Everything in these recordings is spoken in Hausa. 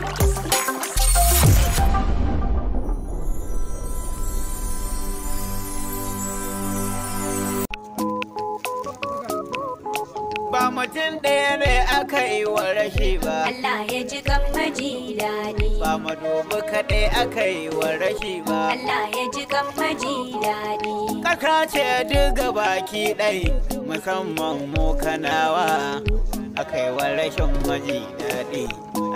Ba mutum ɗaya ne aka yi wa rashi ba. Allah ya ji kan majidani. Ba madubi kaɗai aka yi wa rashi ba. Allah ya ji kan majidani. Ƙasa ce duk baki ɗai musamman mu kanawa. aka yi wa rashin maji daɗi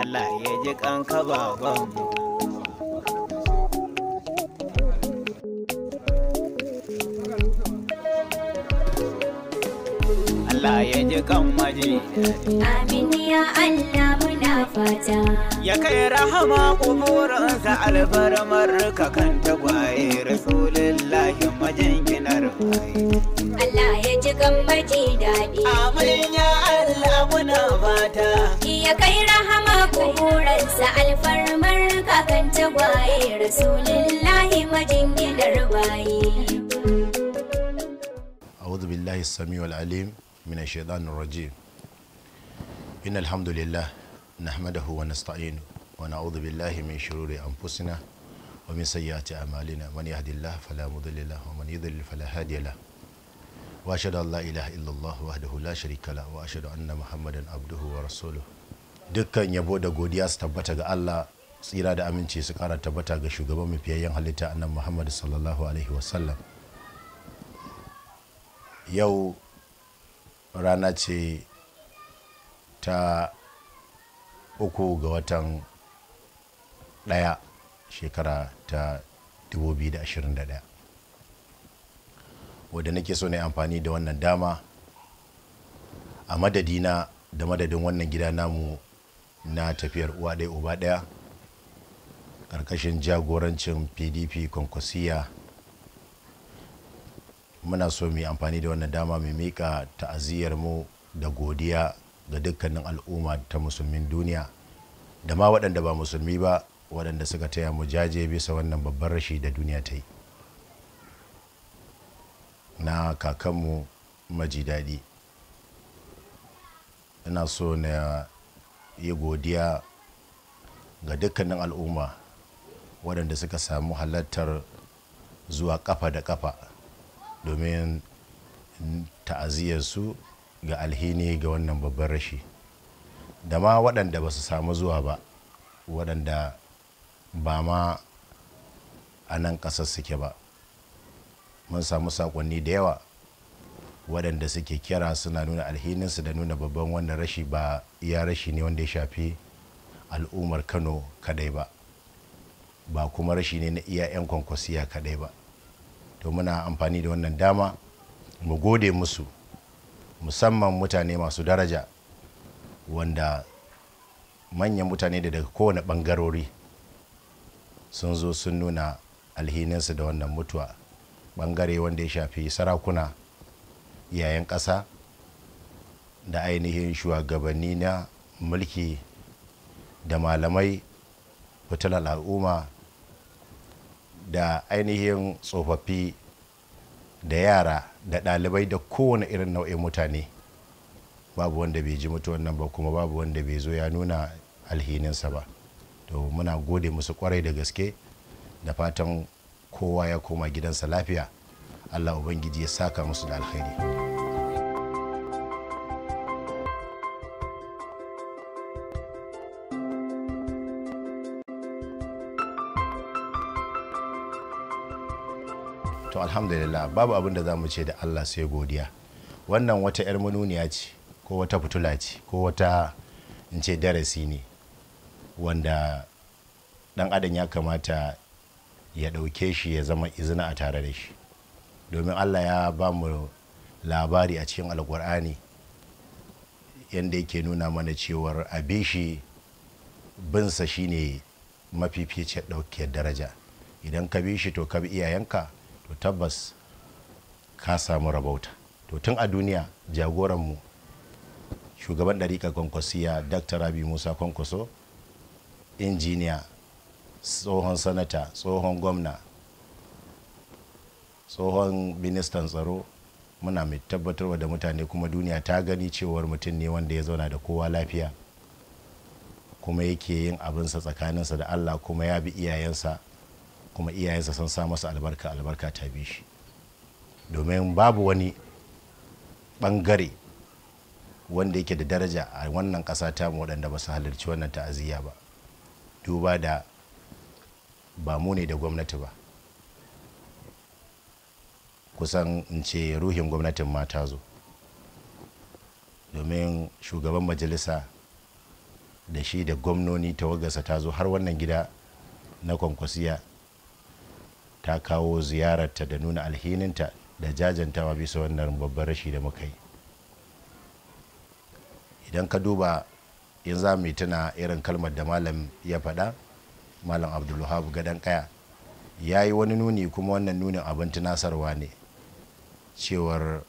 Allah ya ji kanka babanmu Allah ya ji kan maji Amin ya Allah muna fata Ya kai rahama kuburansa alfarmar ka kan tagwaye Rasulullahi majinginar Allah ji maji daɗi. Amin ya Allah muna fata. Ya kai rahama kuburansa alfarmar kakanta gwaye Rasulullahi majinginar bayi. أعوذ بالله السميع العليم من الشيطان الرجيم إن الحمد لله نحمده ونستعينه ونعوذ بالله من شرور أنفسنا ومن سيئات أعمالنا من يهد الله فلا مضل له ومن يضلل فلا هادي له واشهد ان لا اله الا الله وحده لا شريك له واشهد ان محمدا عبده ورسوله dukkan yabo da godiya su tabbata ga Allah tsira da aminci su kara tabbata ga shugaban mafiyayyen halitta annan Muhammad sallallahu alaihi wasallam yau rana ce ta uku ga watan ɗaya shekara ta 2021 wadda nake so na amfani da wannan dama a madadina da madadin wannan gida namu na tafiyar uwa ɗaya uba ɗaya ƙarƙashin jagorancin pdp kwankwasiya muna so mu amfani da wannan dama mu miƙa ta'aziyyar mu da godiya ga dukkanin al'umma ta musulmin duniya da ma waɗanda ba musulmi ba waɗanda suka taya mu jaje bisa wannan babban rashi da duniya ta yi na kakanmu maji daɗi ina so na yi godiya ga dukkanin al'umma waɗanda suka samu halartar zuwa ƙafa da ƙafa domin ta'aziyarsu ga alhini ga wannan babban rashi da ma waɗanda ba su samu zuwa ba waɗanda ba ma a nan ƙasar suke ba mun samu sakonni da yawa waɗanda suke kira suna nuna alhininsu da nuna babban wannan rashi ba iya rashi ne wanda ya shafi al'ummar kano kadai ba ba kuma rashi ne na iya 'yan kwankwasiya kadai ba to muna amfani da wannan dama mu gode musu musamman mutane masu daraja wanda manyan mutane da daga kowane ɓangarori sun zo sun nuna alhininsu da wannan mutuwa bangare wanda ya shafi sarakuna yayin ƙasa da ainihin shugabanni na mulki da malamai fitilar al'umma da ainihin tsofaffi da yara da ɗalibai da kowane irin nau'in mutane babu wanda bai ji mutuwan nan ba kuma babu wanda bai zo ya nuna alhininsa ba to muna gode musu kwarai da gaske da fatan kowa ya koma gidansa lafiya allah ubangiji ya saka musu da alkhairi to alhamdulillah babu abin da za mu ce da allah sai godiya wannan wata 'yar manuniya ce ko wata fitula ce ko wata in ce darasi ne wanda dan adam ya kamata ya ɗauke shi ya zama izina a tare da shi domin allah ya ba mu labari a cikin alkur'ani yadda yake nuna mana cewar abin shi binsa shine mafificin ɗaukiyar daraja idan ka bi shi to ka bi iyayenka to tabbas ka samu rabauta to tun a duniya jagoranmu shugaban ɗariƙar kwankwasiya dr rabi musa kwankwaso injiniya tsohon sanata tsohon gwamna tsohon ministan tsaro muna mai tabbatarwa da mutane kuma duniya ta gani cewar mutum ne wanda ya zauna da kowa lafiya kuma yake yin abinsa tsakaninsa da allah kuma ya bi iyayensa kuma iyayensa sun sa masa albarka albarka ta bi shi domin babu wani bangare wanda yake da daraja a wannan ƙasa ta waɗanda ba su halarci wannan ta'aziyya ba duba da ba mu ne da gwamnati ba kusan in ce ruhin gwamnatin mata zo domin shugaban majalisa da shi da gwamnoni wagasa ta zo har wannan gida na kwankwasiya ta kawo ziyararta da nuna alhininta da jajantawa bisa wannan babban rashi da muka yi idan ka duba in za mu tuna irin kalmar da malam ya faɗa malam abdulwahab gadon kaya ya yi wani nuni kuma wannan nunin abin tunasarwa ne cewar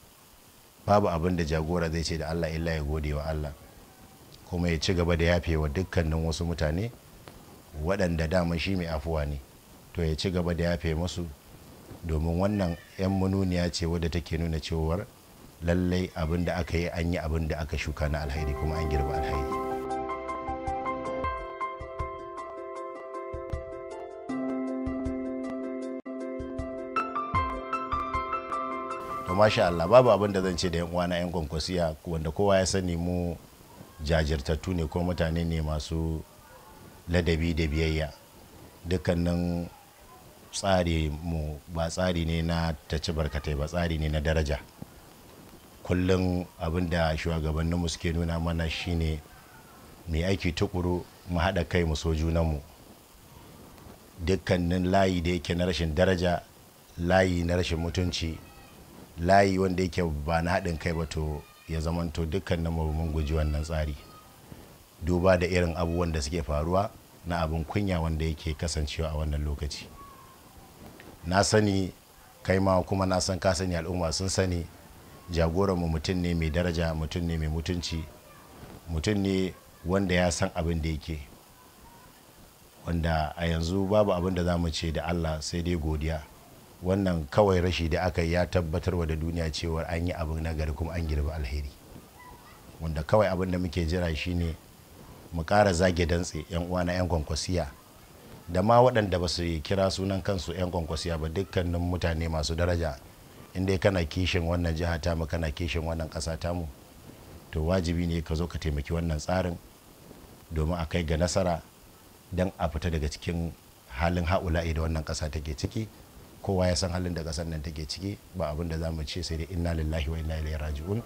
babu abin da jagora zai ce da allah illa ya gode wa allah kuma ya ci gaba da yafewa dukkanin wasu mutane waɗanda dama shi mai afuwa ne to ya ci gaba da yafe masu domin wannan 'yan manuniya ce wadda take nuna cewar lallai abin da aka yi an yi abin da aka shuka na alhairi kuma an girba alhairi masha Allah babu abin da zan ce da yan na yan kwankwasiya wanda kowa ya sani mu jajirtattu ne ko mutane ne masu ladabi da biyayya dukkanin tsari mu ba tsari ne na ta ci barkatai ba tsari ne na daraja kullum abin da shugabanninmu suke nuna mana shine mai aiki tukuru mu haɗa kai mu so mu dukkanin layi da yake na rashin daraja layi na rashin mutunci layi wanda yake ba na haɗin kai ba to ya zamanto dukkan na mun guji wannan tsari duba da irin abubuwan da suke faruwa na abin kunya wanda yake kasancewa a wannan lokaci na sani kai ma kuma na san ka sani al'umma sun sani jagoran mu mutum ne mai daraja mutum ne mai mutunci mutum ne wanda ya san abin da yake wanda a yanzu babu abin da za mu ce da allah sai dai godiya wannan kawai rashi da aka yi ya wa da duniya cewar an yi abin nagari kuma an girbi alheri wanda kawai abin da muke jira shine mu ƙara zage dantse 'yan uwa na 'yan kwankwasiya da ma waɗanda ba su kira sunan kansu 'yan kwankwasiya ba dukkanin mutane masu daraja inda kana kishin wannan jiha tamu kana kishin wannan ƙasa tamu to wajibi ne ka zo ka taimaki wannan tsarin domin a kai ga nasara don a fita daga cikin halin ha'ula'i da wannan ƙasa take ciki kowa ya san halin da kasar nan take ciki ba abin da za mu ce sai dai inna lillahi wa inna ilaihi raji'un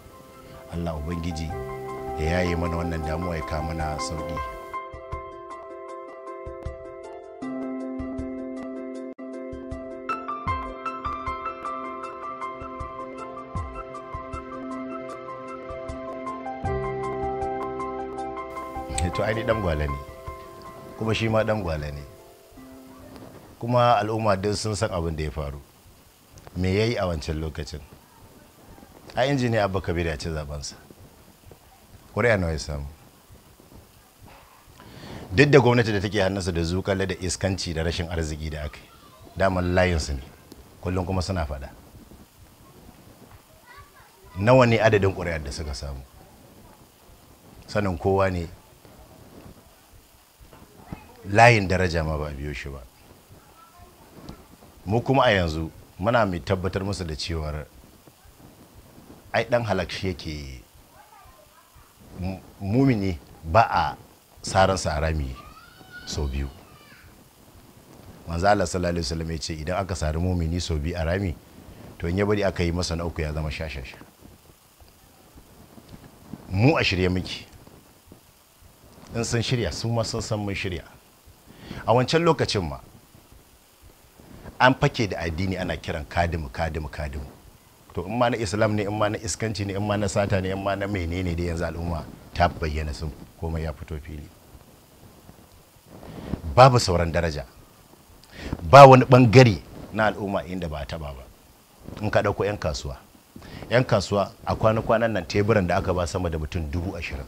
allah ubangiji da ya yi mana wannan damuwa ya kawo mana sauki eh, to ai dan gwale ne kuma shi ma dan gwale ne kuma al'umma duk sun san abin da ya faru me ya yi a wancan lokacin a injini abu kabir ya ci zabansa ƙuri'a nawa ya samu duk da gwamnati da take hannunsa da zukalle da iskanci da rashin arziki da aka yi layinsu ne kullum kuma suna faɗa nawa ne adadin ƙuri'ar da suka samu sanin kowa ne layin daraja ma ba biyo shi ba mu kuma a yanzu muna mai tabbatar musu da cewar ai dan halakshi yake mumini ba a saransa a rami sau biyu manzala sallallahu ce idan aka sari mumini sau biyu a rami to in ya bari aka yi masa na uku ya zama shashasha mu a shirye miki in sun shirya su ma sun san mun shirya a wancan lokacin ma an fake da addini ana kiran kadimu kadimu kadimu to in ma na islam ne in ma na iskanci ne in ma na sata ne in ma na menene da yanzu al'umma ta bayyana sun komai ya fito fili babu sauran daraja ba wani bangare na al'umma inda ba taba ba in ka ɗauko 'yan kasuwa 'yan kasuwa a kwana-kwanan nan teburan da aka ba sama da mutum dubu ashirin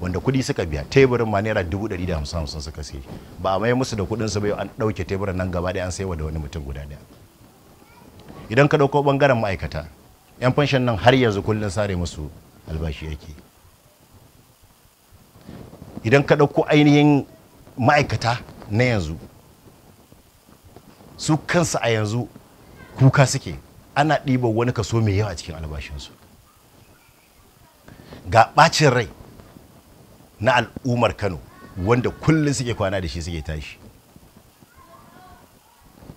wanda kuɗi suka biya teburin ma naira dubu ɗari da hamsin hamsin suka sai ba a mai musu da kuɗin su bai an ɗauke teburin nan gaba ɗaya an sayawa da wani mutum guda ɗaya idan ka ɗauko ɓangaren ma'aikata yan fanshin nan har yanzu kullum sare musu albashi yake idan ka ɗauko ainihin ma'aikata na yanzu su kansu a yanzu kuka suke ana ɗiba wani kaso mai yawa cikin albashinsu ga ɓacin rai na al'ummar kano wanda kullum suke kwana da shi suke tashi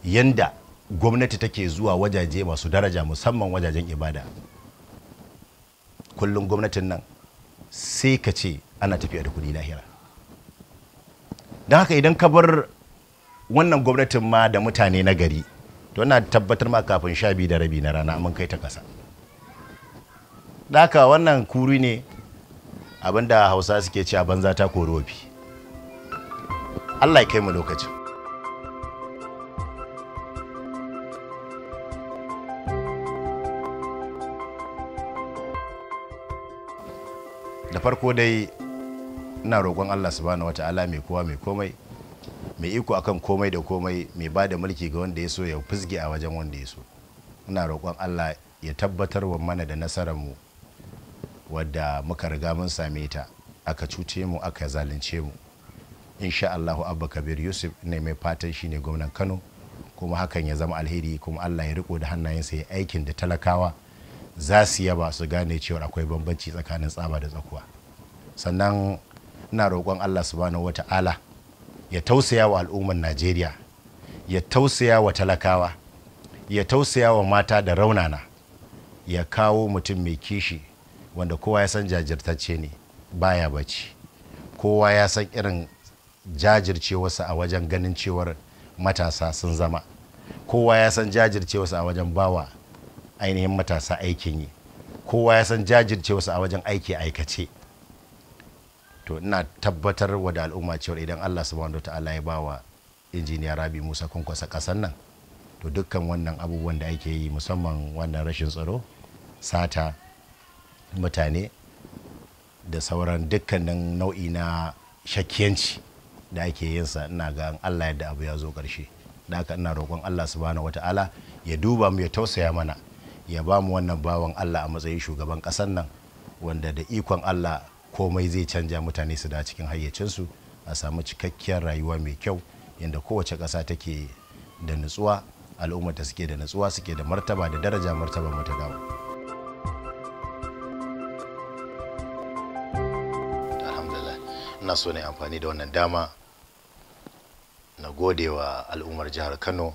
yanda gwamnati take zuwa wajaje masu daraja musamman wajajen ibada kullum gwamnatin nan sai ka ce ana tafiya da kudi lahira don haka idan ka bar wannan gwamnatin ma da mutane na gari to na tabbatar ma kafin sha biyu da rabi na rana mun kai ta kasa haka wannan kuri ne abinda hausa suke ci a banza ta korofi allah ya kai mu lokaci. da farko dai ina roƙon allah subhanahu wa ta'ala mai kowa mai komai mai iko akan komai da komai mai ba da mulki ga wanda ya so ya fizge a wajen wanda ya so ina roƙon allah ya tabbatar wa mana da mu. wadda muka riga mun same ta aka cuce mu aka zalunce mu insha Allahu Abba Kabir Yusuf ne mai fatan shine gwamnan Kano kuma hakan ya zama alheri kuma Allah ya riko da hannayensa ya aikin da talakawa za su yaba su gane cewa akwai bambanci tsakanin tsaba da tsakuwa sannan ina roƙon Allah subhanahu wata'ala ya tausaya wa al'ummar Najeriya ya tausaya wa talakawa ya tausaya wa mata da raunana ya kawo mutum mai kishi wanda kowa ya san jajirtacce ne baya bacci kowa ya san irin jajircewarsa a wajen ganin cewar matasa sun zama kowa ya san jajircewarsa a wajen bawa ainihin matasa aikin yi kowa ya san jajircewarsa a wajen aiki aikace to ina tabbatar wa da al'umma cewar idan allah subhanahu wa ta'ala ya bawa injiniya rabi musa kunkwasa kasan nan to dukkan wannan abubuwan da ake yi musamman wannan rashin tsaro sata mutane da sauran dukkanin nau'i na shakiyanci da ake yinsa ina ga Allah yadda abu ya zo ƙarshe da haka ina roƙon Allah subhanahu wata'ala ya duba mu ya tausaya mana ya ba mu wannan bawan Allah a matsayin shugaban ƙasar nan wanda da ikon Allah komai zai canja mutane su da cikin hayyacinsu a samu cikakkiyar rayuwa mai kyau yadda kowace ƙasa take da nutsuwa al'ummata suke da nutsuwa suke da martaba da daraja martaba mu ta dawo. na so ne amfani da wannan dama na godewa al'ummar jihar kano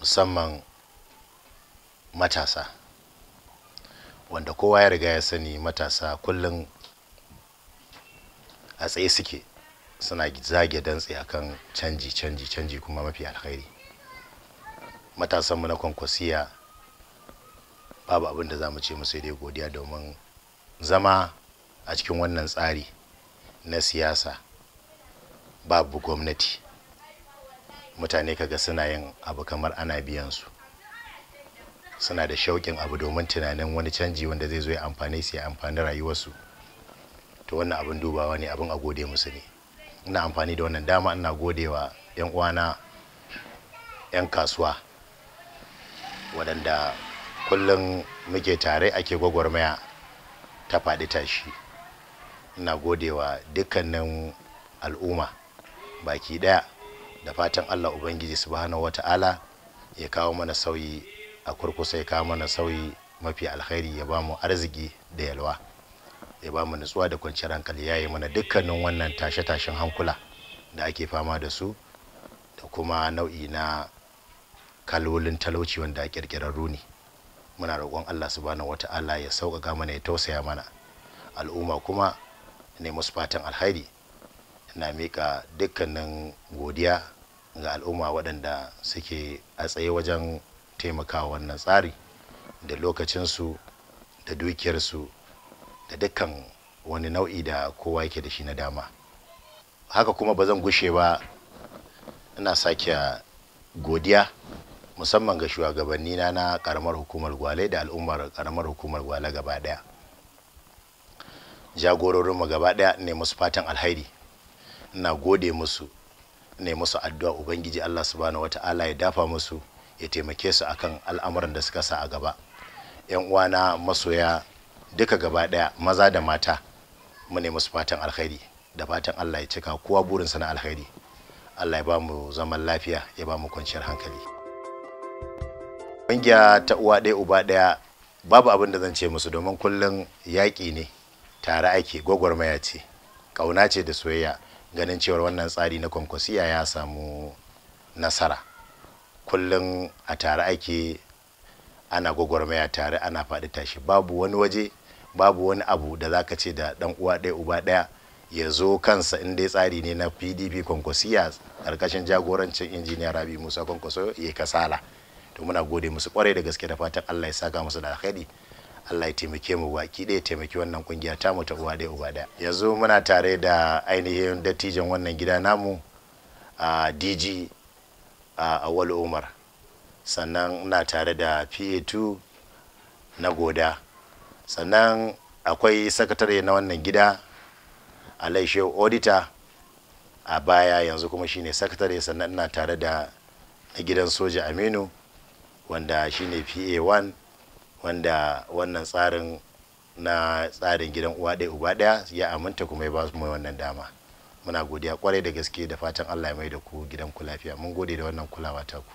musamman matasa wanda kowa ya riga ya sani matasa kullum a tsaye suke suna zage dantse akan canji canji canji kuma mafi alkhairi matasanmu na kwankwasiya babu abin da za mu ce mu sai dai godiya domin zama a cikin wannan tsari na siyasa babu gwamnati mutane kaga suna yin abu kamar ana biyan su suna da shauƙin abu domin tunanin wani canji wanda zai zo ya amfani su ya amfani rayuwarsu to wannan abin dubawa ne abin a gode musu ne ina amfani da wannan dama ina godewa 'yan uwana 'yan kasuwa waɗanda kullum muke tare ake gwagwarmaya ta faɗi tashi ina godewa dukkanin al'umma baki daya da fatan allah ubangiji subhanahu ta'ala ya kawo mana sauyi a kurkusa ya kawo mana sauyi mafi alkhairi ya ba mu arziki da yalwa ya ba mu nutsuwa da kwanciyar hankali ya yi mana dukkanin wannan tashe-tashen hankula da ake fama da su da kuma nau'i na kalolin talauci wanda a ƙirƙirarru ne muna roƙon allah subhanahu ta'ala ya sauƙaƙa mana ya tausaya mana al'umma kuma ne musu fatan alhairi na miƙa dukkanin godiya ga al'umma waɗanda suke a tsaye wajen taimakawa wannan tsari da lokacinsu da dukiyarsu da dukkan wani nau'i da kowa yake da shi na dama haka kuma ba zan gushe ba ina sake godiya musamman ga shugabanni na na karamar hukumar gwale da al'ummar karamar hukumar gwale gaba daya jagororinmu gaba ɗaya ne musu fatan alhairi ina gode musu ne musu addu'a ubangiji allah subhanahu wata'ala ya dafa musu ya taimake su akan al'amuran da suka sa a gaba yan uwana masoya duka gaba ɗaya maza da mata mu ne musu fatan alkhairi da fatan allah ya cika kowa burin sa na alkhairi allah ya ba mu zaman lafiya ya ba mu kwanciyar hankali ƙungiya ta uwa ɗaya uba ɗaya babu abin da zan ce musu domin kullum yaƙi ne tare ake gwagwarmaya ce kauna ce da soyayya ganin cewar wannan tsari na kwankwasiya ya samu nasara kullum a tare ake ana gwagwarmaya tare ana faɗi tashi babu wani waje babu wani abu da za ka ce da ɗan uwa ɗaya uba ɗaya ya zo kansa in dai tsari ne na pdp kwankwasiya ƙarƙashin jagorancin injiniya rabi musa kwankwaso ya kasala to muna gode musu kwarai da gaske da fatan allah ya saka musu da alheri Allah ya taimake mu baki ɗaya taimaki wannan kungiya ta mu ta uwa ɗaya uba ɗaya yanzu muna tare da ainihin dattijan wannan gida namu a DG a Awal Umar sannan ina tare da PA2 na goda sannan akwai sakatare na wannan gida alaishe auditor a baya yanzu kuma shine sakatare sannan ina tare da na gidan soja aminu wanda shine pa 1 wanda wannan tsarin na tsarin gidan uwa ɗaya uba ɗaya ya aminta kuma ya ba mai wannan dama muna godiya kwarai da gaske da fatan allah ya mai da ku gidan ku lafiya mun gode da wannan kulawa ta ku.